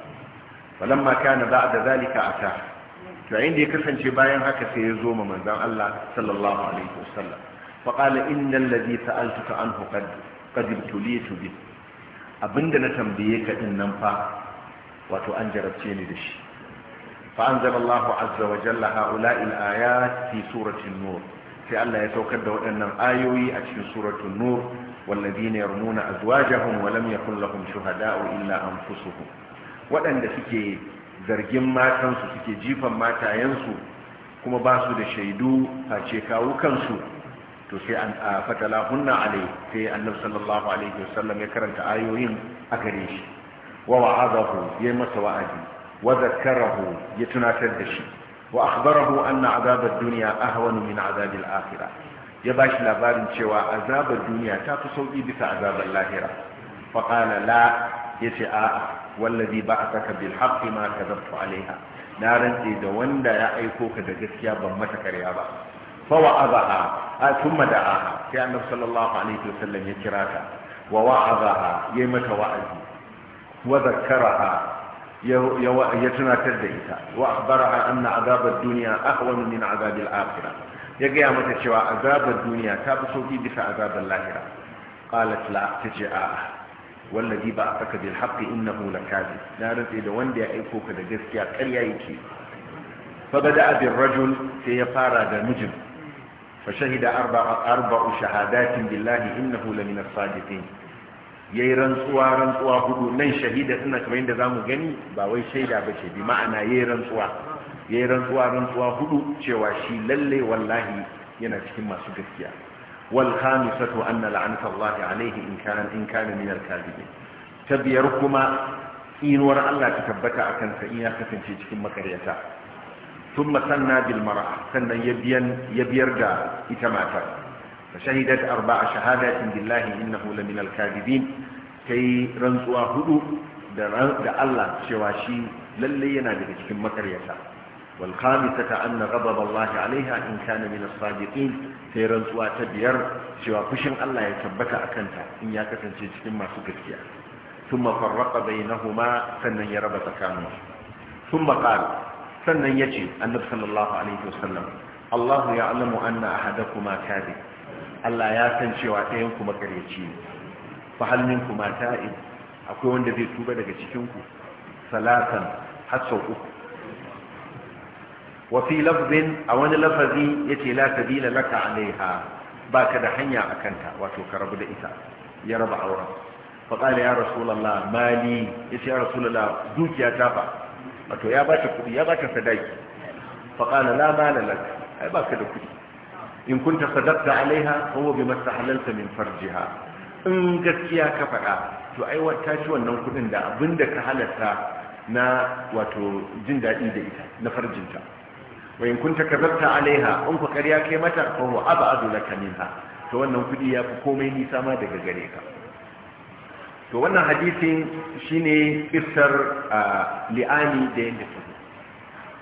falamma kana da zalika ata to inda ya kasance bayan haka sai ya zo ma Allah sallallahu alaihi فقال إن الذي سألتك عنه قد قد ابتليت به abinda na tambaye ka din nan fa wato an jarabce ni da shi fa anzalallahu azza wa jalla haula'i al fi surati an-nur sai Allah ya saukar da waɗannan ayoyi a cikin surati an-nur walladhina yarmuna azwajahum wa lam yakul lahum shuhada'u illa anfusuhum waɗanda suke zargin matansu suke jifan matayensu kuma ba su da shaidu face kawo kansu to sai an fatala hunna alai sai annabi sallallahu alaihi wasallam ya karanta ayoyin a gare shi wa wa'adahu ya masa wa'adi wa zakkarahu ya tunatar da shi wa akhbarahu anna azab ad-dunya ahwanu min azab al-akhirah ya bashi labarin cewa azabar duniya ta fi sauki bisa azabar lahira fa qala la yace a'a wallazi ba'athaka bil haqqi ma kadhabtu alaiha na rantse da wanda ya aiko ka da gaskiya ban mata karya ba fa a thumma da'aha sai annabi sallallahu alaihi wasallam ya kira ta wa wa'azaha yayi mata wa'azi wa zakkaraha ya tunatar da ita wa akhbaraha anna azab ad-dunya ahwanu min azab al-akhirah ya gaya mata cewa azabar duniya ta fi sauki bisa azabar lahira qalat la taji a'a wallazi ba a saka bil haqqi innahu lakazi na rantse da wanda ya aiko ka da gaskiya ƙarya yake fa bada bil rajul sai ya fara da mijin فشهد أربع, أربع شهادات بالله إنه لمن الصادقين ya rantsuwa rantsuwa hudu nan shahida suna kamar yadda za mu gani ba wai shaida ba ce bi ma'ana yai rantsuwa Yai rantsuwa rantsuwa hudu cewa shi lalle wallahi yana cikin masu gaskiya wal khamisatu anna la'anata Allah alayhi in kana in kana min al ta kuma inuwar Allah ta tabbata akan sa in ya kasance cikin makaryata ثم سنى بالمرأة سنى يبين يبير دا إتماتا فشهدت أربع شهادات بالله إنه لمن الكاذبين كي رنسوا هدو دا الله شواشي للي ينادك كم مكر يسا والخامسة أن غضب الله عليها إن كان من الصادقين كي رنسوا تبير شوافشن الله يتبت أكنتا إن يكتن تجكم ما سكتيا ثم فرق بينهما سنى يربت كامل ثم قال sannan ya ce annabi sallallahu alaihi wasallam Allah ya alamu anna kuma kadhib Allah ya san cewa ɗayan kuma makareci ne fa hal akwai wanda zai tuba daga cikin ku salatan har sau uku wa fi lafzin a wani lafazi yace la sabila laka alaiha ka da hanya a kanta, wato ka rabu da ita ya raba auren fa ya rasulullah mali yace ya rasulullah dukiya ta fa wato ya ba ta kuɗi ya ba ta sadaki faƙala la mala lak ai ba ka da kuɗi in kunta sadaqta alaiha fa huwa bima istahalalta min farjiha in gaskiya ka faɗa to ai wata ci wannan kuɗin da abinda ka halatta na wato jin daɗi da ita na farjinta wa in kunta kazabta alaiha in ku ƙarya kai mata fa huwa abadu laka minha to wannan kuɗi ya fi komai nisa ma daga gare ka to wannan hadisin shine kissar li'ani da yanda ta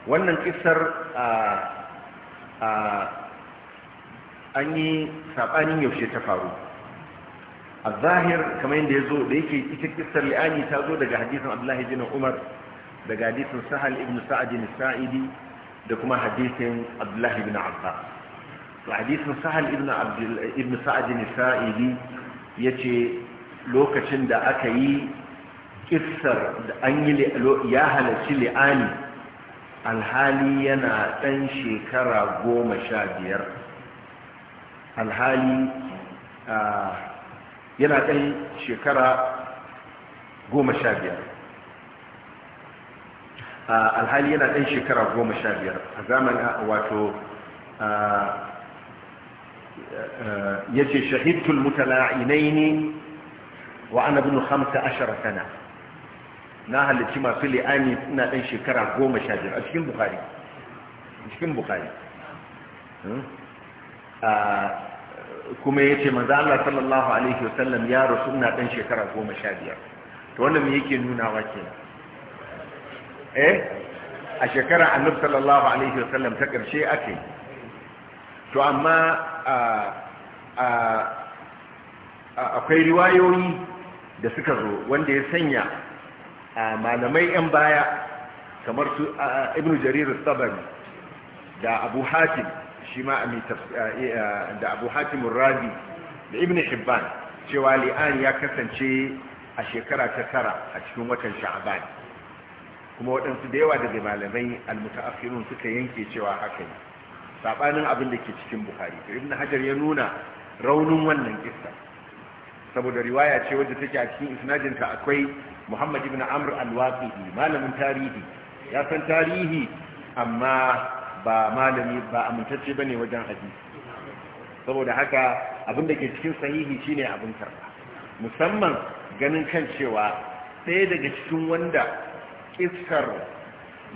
wannan kissar an yi saɓanin yaushe ta faru a zahir kamar yadda ya zo da yake ita kissar li'ani ta zo daga hadisin abdullahi bin umar daga hadisin sahal ibn sa'adin sa'idi da kuma hadisin abdullahi bin Abba to hadisin sahal ibn sa'adin sa'idi ya ce lokacin da aka yi kissar da an yi ya halarci li'ani alhali yana ɗan shekara goma sha biyar alhali yana ɗan shekara goma sha biyar alhali yana ɗan shekara goma sha biyar a zamanin wato ya ce shahidtul mutala'inai ne wa ana bin hamsa ashara sana na halicci masu li'ani suna ɗan shekara goma sha biyar a cikin bukari a cikin bukari hmm? kuma ya ce maza Allah sallallahu alaihi wa sallam ya rasu ina ɗan shekara goma sha biyar to wanda me yake nuna nunawa ke eh a shekara annab sallallahu alaihi wa sallam ta ƙarshe ake to amma akwai riwayoyi da suka zo wanda ya sanya a malamai 'yan baya kamar su ibn jarir tabari da abu hatim shi ma eh, da abu hatim rabi da ibn hibban cewa li'ani ya kasance a shekara ta tara a cikin watan sha'aban kuma waɗansu da yawa daga malamai almutaakhirun suka yanke cewa haka ne Saɓanin abin da ke cikin buhari ibn hajar ya nuna raunin wannan kisa. saboda riwaya ce wadda take a cikin isnadinta akwai muhammad ibn amr al-waqidi malamin tarihi ya san tarihi amma ba malami ba amintacce bane wajen hadisi saboda haka abin da ke cikin sahihi shine abin karba musamman ganin kan cewa ɗaya daga cikin wanda iskar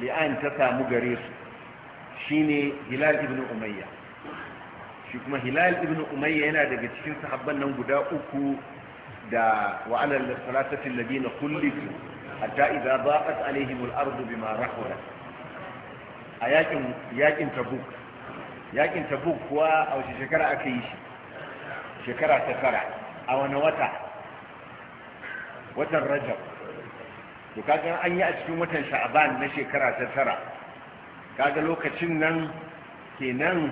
li'an ta samu gare su shine hilal ibn umayya shi kuma hilal ibn umayya yana daga cikin sahabban nan guda uku da wa'anar salatatin labina kullifu hatta idza baqat alaihim al-ardu mara rahulat a yakin yakin tabuk yakin tabuk kuwa a wace shekara aka yi shi shekara ta tara a wani wata watan rajab to kaga an yi a cikin watan sha'aban na shekara ta tara kaga lokacin nan kenan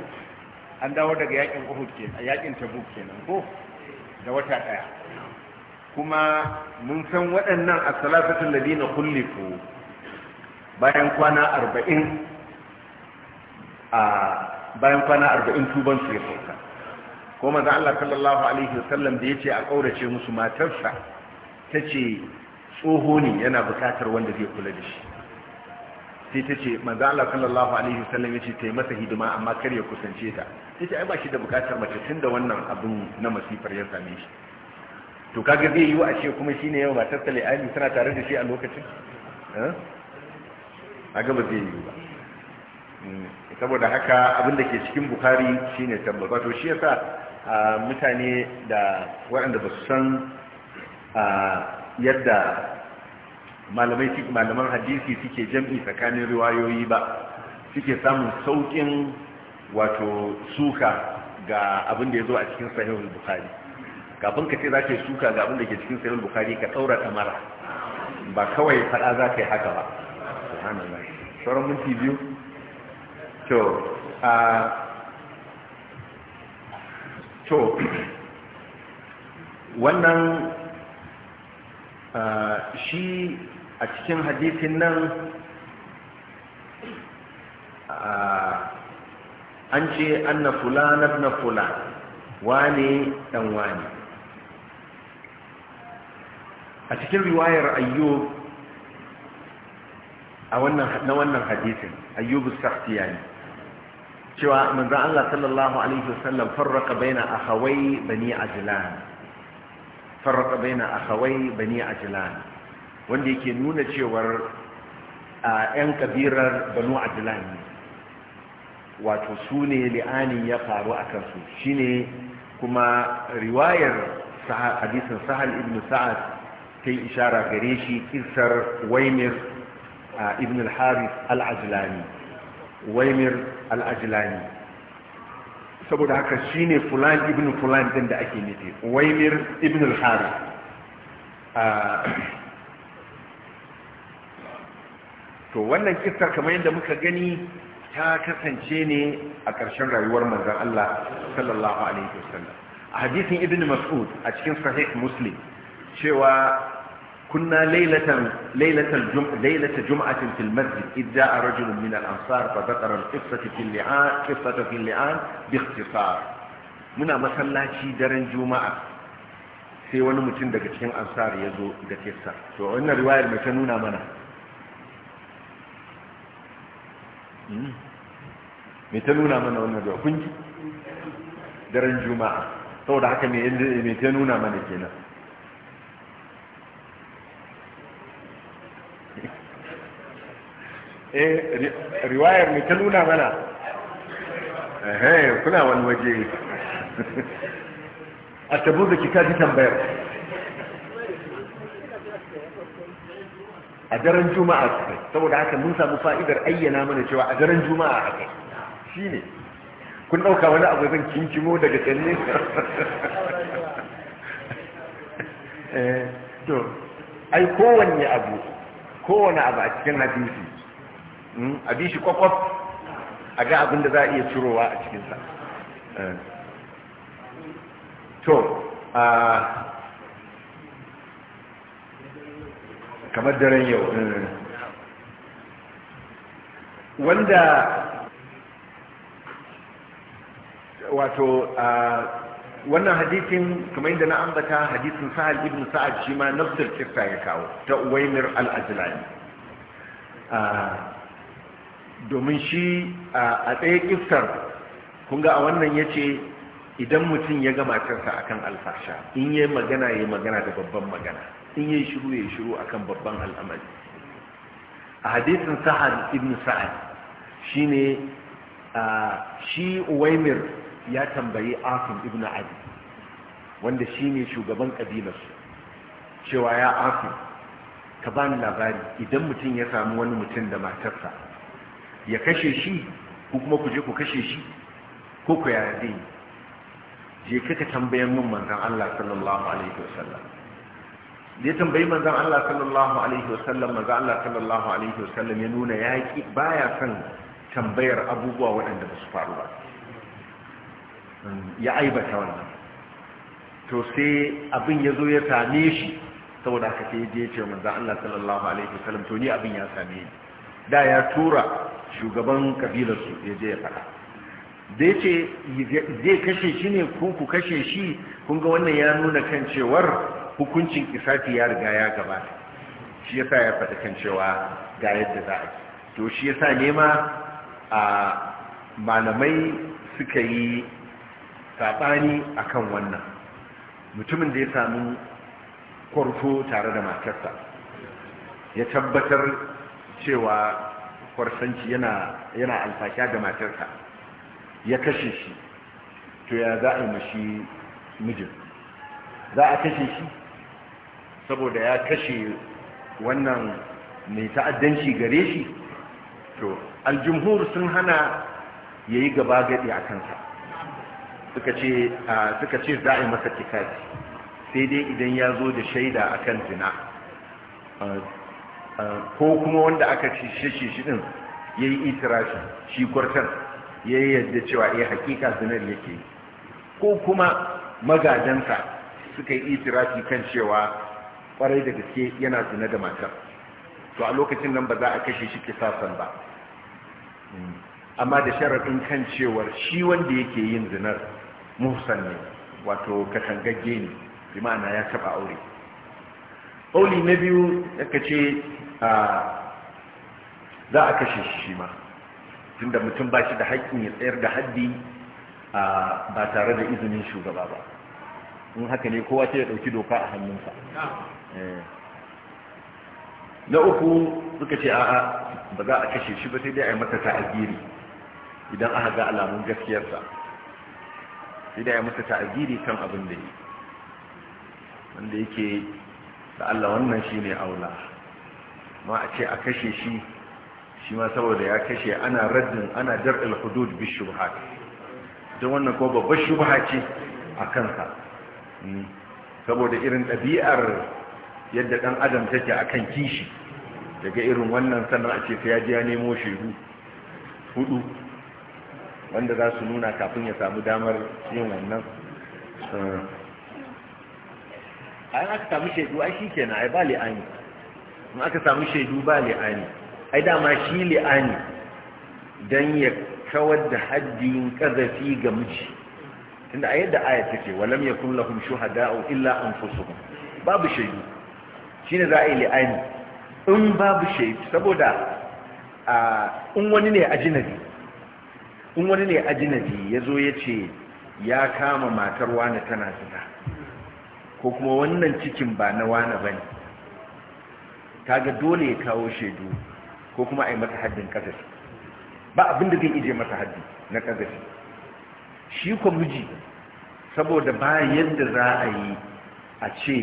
an dawo daga yakin uhud kenan yakin tabuk kenan ko da wata daya kuma mun san waɗannan a salafatun dina kullifu bayan kwana arba'in a bayan kwana arba'in tuban su ya sauka ko maza Allah sallallahu alaihi wasallam da ya ce a ƙaurace musu matarsa ta ce tsoho ne yana bukatar wanda zai kula da shi sai ta ce manzo Allah sallallahu alaihi wasallam ce ta yi masa hidima amma kar ya kusance ta ce ai ba shi da bukatar mace tunda wannan abin na masifar ya same shi to kaga zai yi a ce kuma shine yau matar ta Ali tana tare da shi a lokacin eh? a gaba zai yi ba hmm, saboda haka abinda ke cikin bukari shine tabbata to shi yasa mutane da waɗanda ba su san yadda malamai malaman hadisi suke jam'i tsakanin riwayoyi ba suke samun saukin wato suka ga abinda ya zo a cikin sahihul bukhari kafin ka ce za ka yi suka ga abin da ke cikin sayar bukari ka tsaura kamara. ba kawai faɗa za ka yi haka ba subhanallah sauran minti biyu to to wannan shi a cikin hadisin nan an ce na fula na fula wane dan wane a cikin riwayar ayyub na wannan hadisin ayyub as-sahtiyani cewa manzo Allah sallallahu alaihi wasallam farraka baina akhawai bani ajilan, farraka baina akhawai bani ajilan. wanda yake nuna cewar a yan kabirar banu ajlan wato sune li'ani ya faru a kansu shine kuma riwayar hadisin sahal ibn sa'ad ta yi ishara gare shi kisar waimir a ibn al-harith al-ajlani waimir al-ajlani saboda haka shine Fulani ibn Fulani din da ake nufi waimir ibn al-harith to wannan kisar kamar yadda muka gani ta kasance ne a ƙarshen rayuwar manzan Allah sallallahu alaihi wasallam a hadisin ibn mas'ud a cikin sahih muslim cewa كنا ليلة ليلة الجمعة ليلة جمعة في المسجد إذ جاء رجل من الأنصار فذكر القصة في اللعان قصة في اللعان باختصار muna masallaci daren juma'a sai wani mutum daga cikin ansar ya zo da kissa to wannan riwayar mai ta nuna mana mai ta nuna mana wannan riwayar kun daren juma'a saboda haka mai ta nuna mana kenan eh riwayar mai ta nuna mana ehe kuna wani waje a tabo da kika ji tambayar a daren juma'a kai saboda haka mun samu fa'idar ayyana mana cewa a daren juma'a a kai shi ne kun ɗauka wani abu zan kinkimo daga tsalle eh, to ai kowanne abu kowane abu a cikin hadisi Hmm? a bi shi kwakwaf a ga abin da za a iya cirowa a cikinsa eh. to a kamar daren yau eh. wanda wato a wannan hadithin kamar yadda na ambata hadithin sahal ibn sa'ad shi ma nafsir ya kawo ta uwaimir al domin shi a tsaye iskar kunga a wannan ya ce idan mutum ya ga matarsa kan alfasha in yi magana ya magana da babban magana in yi shiru ya shiru a kan babban al'amari a hadisin sa'ad ibn sa'ad shi ne shi uwaimir ya tambayi asim ibn adi wanda shi ne shugaban ƙabilarsu cewa ya asim ka bani labari idan mutum ya samu wani mutum da matarsa ya kashe shi ko kuma ku je ku kashe shi ko ku yaya zai je kaka tambayan min manzan Allah sallallahu alaihi wasallam ya tambayi manzan Allah sallallahu alaihi wasallam manzan Allah sallallahu alaihi wasallam ya nuna yaki baya son tambayar abubuwa waɗanda ba su faru ba ya aibata wannan to sai abin ya zo ya same shi saboda haka sai je ce manzan Allah sallallahu alaihi wasallam to ni abin ya same ni da ya tura shugaban kabilarsu ya je ya faɗa da ya ce zai kashe shi ne kun ku kashe shi kun ga wannan ya nuna kan cewar hukuncin isafi ya riga ya gabata shi ya sa ya faɗi kan cewa ga yadda za a yi to shi ya sa nema a malamai suka yi saɓani a kan wannan mutumin da ya samu kwarto tare da matarsa ya tabbatar cewa farsanci yana yana alfasha da matarsa ya kashe shi to ya za a yi mashi mijin za a kashe shi saboda ya kashe wannan mai ta'addanci gare shi to aljumhur sun hana ya yi gaba gadi a kansa suka ce za a yi masa kikaci sai dai idan ya zo da shaida akan zina ko kuma wanda aka ci shi shi din yayi itirashi shi kwartar yayi yadda cewa eh hakika zinar yake ko kuma magajansa suka yi itirashi kan cewa kwarai da gaske yana zina da matar to a lokacin nan ba za a kashe shi kisasan ba amma da sharaɗin kan cewar shi wanda yake yin zinar muhsan ne wato katangagge ne bi ma'ana ya taɓa aure ƙauli na biyu ka ce za a kashe shi shi ma tunda mutum ba shi da haƙƙin ya tsayar da haddi ba tare da izinin shugaba ba in haka ne kowa ta ya ɗauki doka a hannunsa eh. na uku suka ce a'a ba za a kashe shi ba sai dai a yi mata ta'aziri idan aka ga alamun gaskiyarsa sai dai a yi mata ta'aziri kan abin da yi wanda yake da Allah wannan shi ne aula ma a ce a kashe shi shi ma saboda ya kashe ana raddin ana dar al hudud bi shubhat don wannan ko babbar shubha ce a kansa hmm. saboda irin ɗabi'ar yadda ɗan adam take a kan kishi daga irin wannan sannan a ce ta yaji ya nemo shaidu hudu wanda za su nuna kafin ya samu damar yin wannan A hmm. an aka samu shaidu ai shi ke na, ai ba li'ani in aka samu shaidu ba li'ani ai dama shi li'ani dan ya kawar da haddin kazafi ga miji tunda a yadda aya take walam yakun lahum shuhada'u illa anfusuhum babu shaidu shine za a yi li'ani in babu shaidu saboda in wani ne ajinabi in wani ne ajinabi ya zo ya ce ya kama matar wani tana zina ko kuma wannan cikin ba na wani bane kaga dole ya kawo shaidu ko kuma a yi masa haddin kazafi ba abinda zai ije masa haddi na kazafi shi kwa miji saboda ba yadda za a yi a ce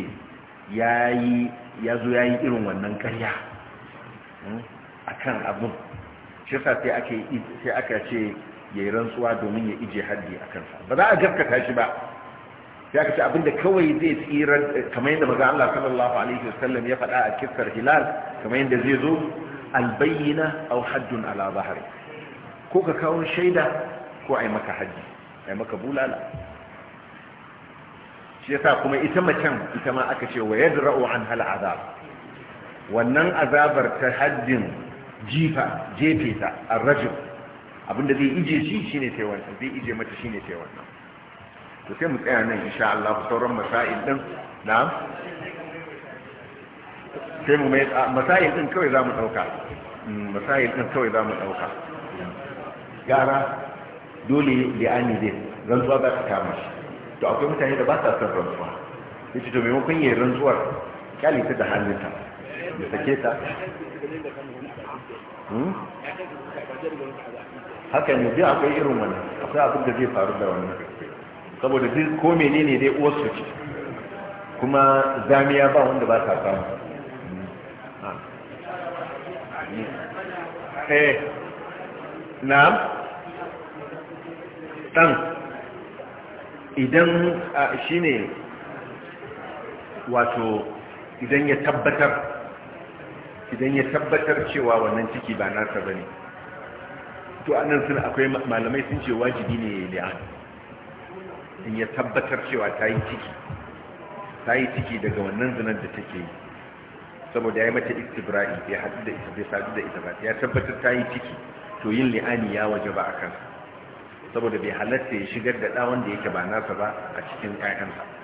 ya zo ya yi irin wannan karya hmm, a kan abin shi sa sai aka ce ya yi rantsuwa domin ya ije haddi a kansa ba za a gaskata shi ba sai aka ce abinda kawai zai tsira kamar yadda maza Allah sallallahu alaihi wasallam ya faɗa a kisar hilal kamar yadda zai zo albayyina aw haddun ala bahri ko ka kawo shaida ko ai maka haji ai maka bulala shi yasa kuma ita macen ita ma aka ce wa yadra'u an hal azab wannan azabar ta haddin jifa jefe ta arrajul abinda zai ije shi shine sai wannan zai ije mata shine sai wannan to sai mu tsaya nan insha Allah sauran masail din na'am sai mu mai masail din kawai zamu dauka mm, masail din kawai zamu dauka gara dole li'ani zai rantsuwa ba ta kama shi to akwai mutane da ba sa son rantsuwa yace to maimakon yayin rantsuwar kyale ta da hannunta da sake ta hmm? haka ne dai akwai irin wani, akwai abin da zai faru da wannan saboda duk ko menene dai uwarsu ce kuma zamiya ba wanda ba ta samu ah. eh na ɗan idan shi ne wato idan ya tabbatar idan ya tabbatar cewa wannan ciki ba nasa ba ne to annan sun akwai malamai sun ce wajibi ne ya la'ana. in ya tabbatar cewa ta yi ciki ta yi ciki daga wannan zinar da take yi saboda ya yi mata istibra'i bai haɗu da ita bai sadu da ita ba ya tabbatar ta yi ciki to yin li'ani ya waje ba a kansa saboda bai halatta ya shigar da ɗawan da yake ba nasa ba a cikin ƴaƴansa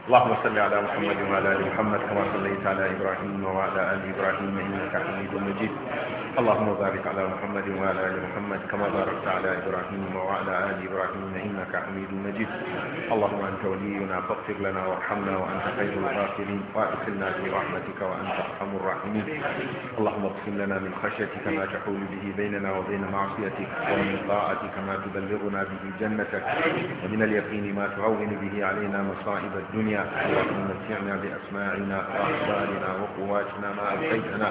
اللهم صل على محمد وعلى ال محمد كما صليت على ابراهيم وعلى ال ابراهيم انك حميد مجيد اللهم بارك على محمد وعلى آل محمد كما باركت على إبراهيم وعلى آل إبراهيم إنك حميد مجيد اللهم أنت ولينا فاغفر لنا وارحمنا وأنت خير الغافرين وأدخلنا في رحمتك وأنت أرحم الراحمين اللهم اغفر لنا من خشيتك ما تحول به بيننا وبين معصيتك ومن طاعتك ما تبلغنا به جنتك ومن اليقين ما تعون به علينا مصائب الدنيا اللهم متعنا بأسماعنا وأخبارنا وقواتنا ما أبقيتنا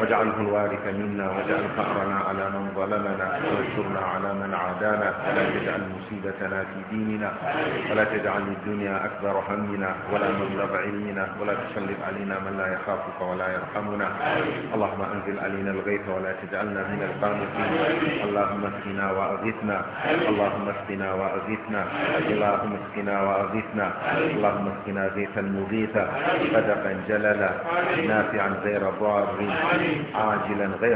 واجعله الوارث منا منا واجعل فأرنا على من ظلمنا واجعلنا على من عادانا ولا تجعل مصيبتنا في ديننا ولا تجعل الدنيا أكبر همنا ولا مبلغ علمنا ولا تسلط علينا من لا يخافك ولا يرحمنا اللهم أنزل علينا الغيث ولا تجعلنا من القانطين اللهم اسقنا وأغثنا اللهم اسقنا وأغثنا اللهم اسقنا وأغثنا اللهم اسقنا غيثا مغيثا صدقا جللا نافعا غير ضار عاجلا غير